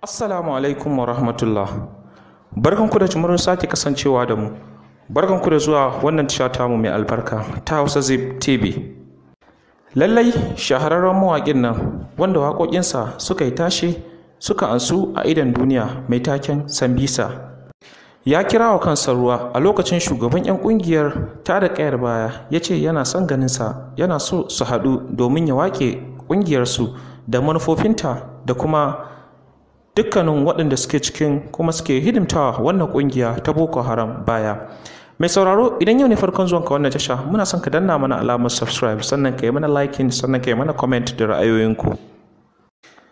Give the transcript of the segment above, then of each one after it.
Assalamu alaikum wa rahmatullah. Barkanku da jimurin sake kasancewa da mu. Barkanku da zuwa wannan tishata mu mai albarka ta Hausa zai TV. Lallai shahararren mawaƙin nan wanda waƙoƙinsa suka yi tashe, suka ansu a idan duniya mai taken Sambisa. Ya kira wa kansa ruwa a lokacin shugaban 'yan ƙungiyar ta da ƙayar baya ya ce yana son ganinsa yana so su haɗu domin ya waƙe ƙungiyarsu da manufofinta da kuma dukkanin waɗanda suke cikin kuma suke hidimtawa wannan ƙungiya ta boko haram baya mai sauraro idan yau ne farkon zuwan ka wannan tasha muna son ka danna mana alamar subscribe sannan ka yi mana liking sannan ka yi mana comment da ra'ayoyinku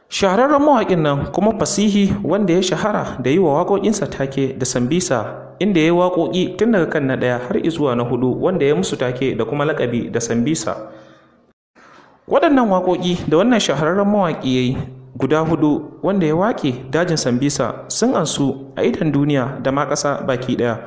shahararren mawaƙin nan kuma fasihi wanda ya shahara da yi wa waƙoƙinsa take da sambisa inda ya yi waƙoƙi tun daga kan na ɗaya har izuwa na hudu wanda ya musu take da kuma lakabi da sambisa waɗannan waƙoƙi da wannan shahararren mawaƙi ya yi guda hudu wanda ya wake dajin sambisa sun ansu a idan duniya da ma ƙasa baki ɗaya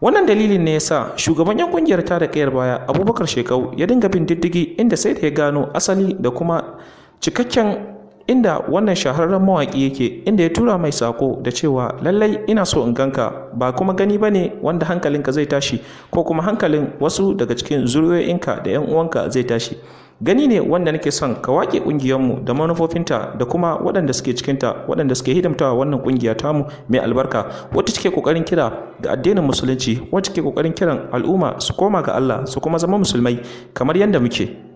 wannan dalilin ne ya sa shugaban yan kungiyar ta da kayar baya abubakar shekau ya dinga bin diddigi inda sai da ya gano asali da kuma cikakken inda wannan shahararren mawaƙi yake inda ya tura mai sako da cewa lallai ina so in ganka ba kuma gani ba ne wanda hankalinka zai tashi ko kuma hankalin wasu daga cikin zuriyoyinka da 'yan uwanka zai tashi gani ne wanda nake son ka wake ƙungiyarmu da manufofinta da kuma waɗanda suke cikinta waɗanda suke hidimtawa wannan ƙungiya tamu mai albarka wata cike ƙoƙarin kira ga addinin musulunci wata cike ƙoƙarin kiran al'umma su koma ga Allah su kuma zama musulmai kamar yadda muke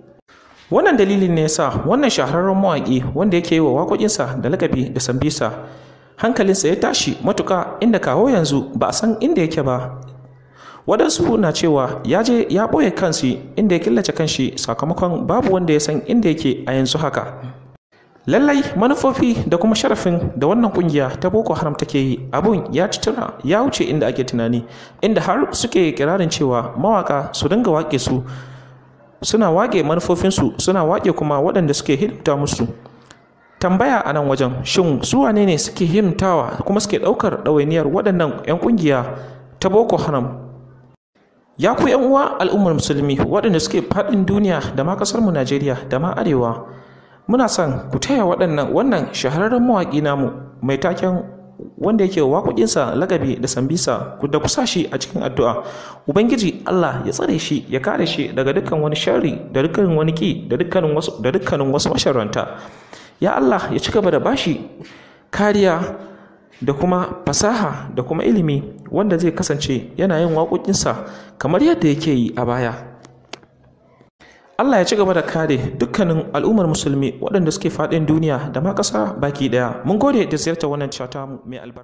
wannan dalilin ne yasa wannan shahararren mawaƙi wanda yake yi wa waƙoƙinsa da lakabi da sambisa hankalinsa ya tashi matuka inda kawo yanzu ba a san inda yake ba waɗansu na cewa ya je ya ɓoye kansu inda ya killace kanshi sakamakon babu wanda ya san inda yake a yanzu haka lallai manufofi da kuma sharafin da wannan kungiya ta boko haram take yi abun ya ci tura ya wuce inda ake tunani inda har suke kirarin cewa mawaka su dinga wake su suna waƙe manufofinsu suna waƙe kuma waɗanda suke hidimta musu tambaya a nan wajen shin su wane ne suke hidimtawa kuma suke ɗaukar ɗawainiyar waɗannan 'yan ƙungiya ta boko haram ya ku 'yan uwa al'ummar musulmi waɗanda suke faɗin duniya da ma ƙasarmu najeriya da ma arewa muna son ku taya waɗannan wannan shahararren mawaƙi namu mai taken wanda yake waƙoƙinsa lakabi da sambisa da kusa shi a cikin addu'a ubangiji Allah ya tsare shi ya kare shi daga dukkan wani shari da dukkan wani ki da dukkanin wasu da masharanta ya Allah ya ci gaba da bashi kariya da kuma fasaha da kuma ilimi wanda zai kasance yana yin waƙoƙinsa kamar yadda yake yi a baya Allah ya ci gaba da kare dukkanin al'ummar musulmi waɗanda suke faɗin duniya da ma ƙasa baki ɗaya. Mun gode da ziyarta wannan cata mai albarka.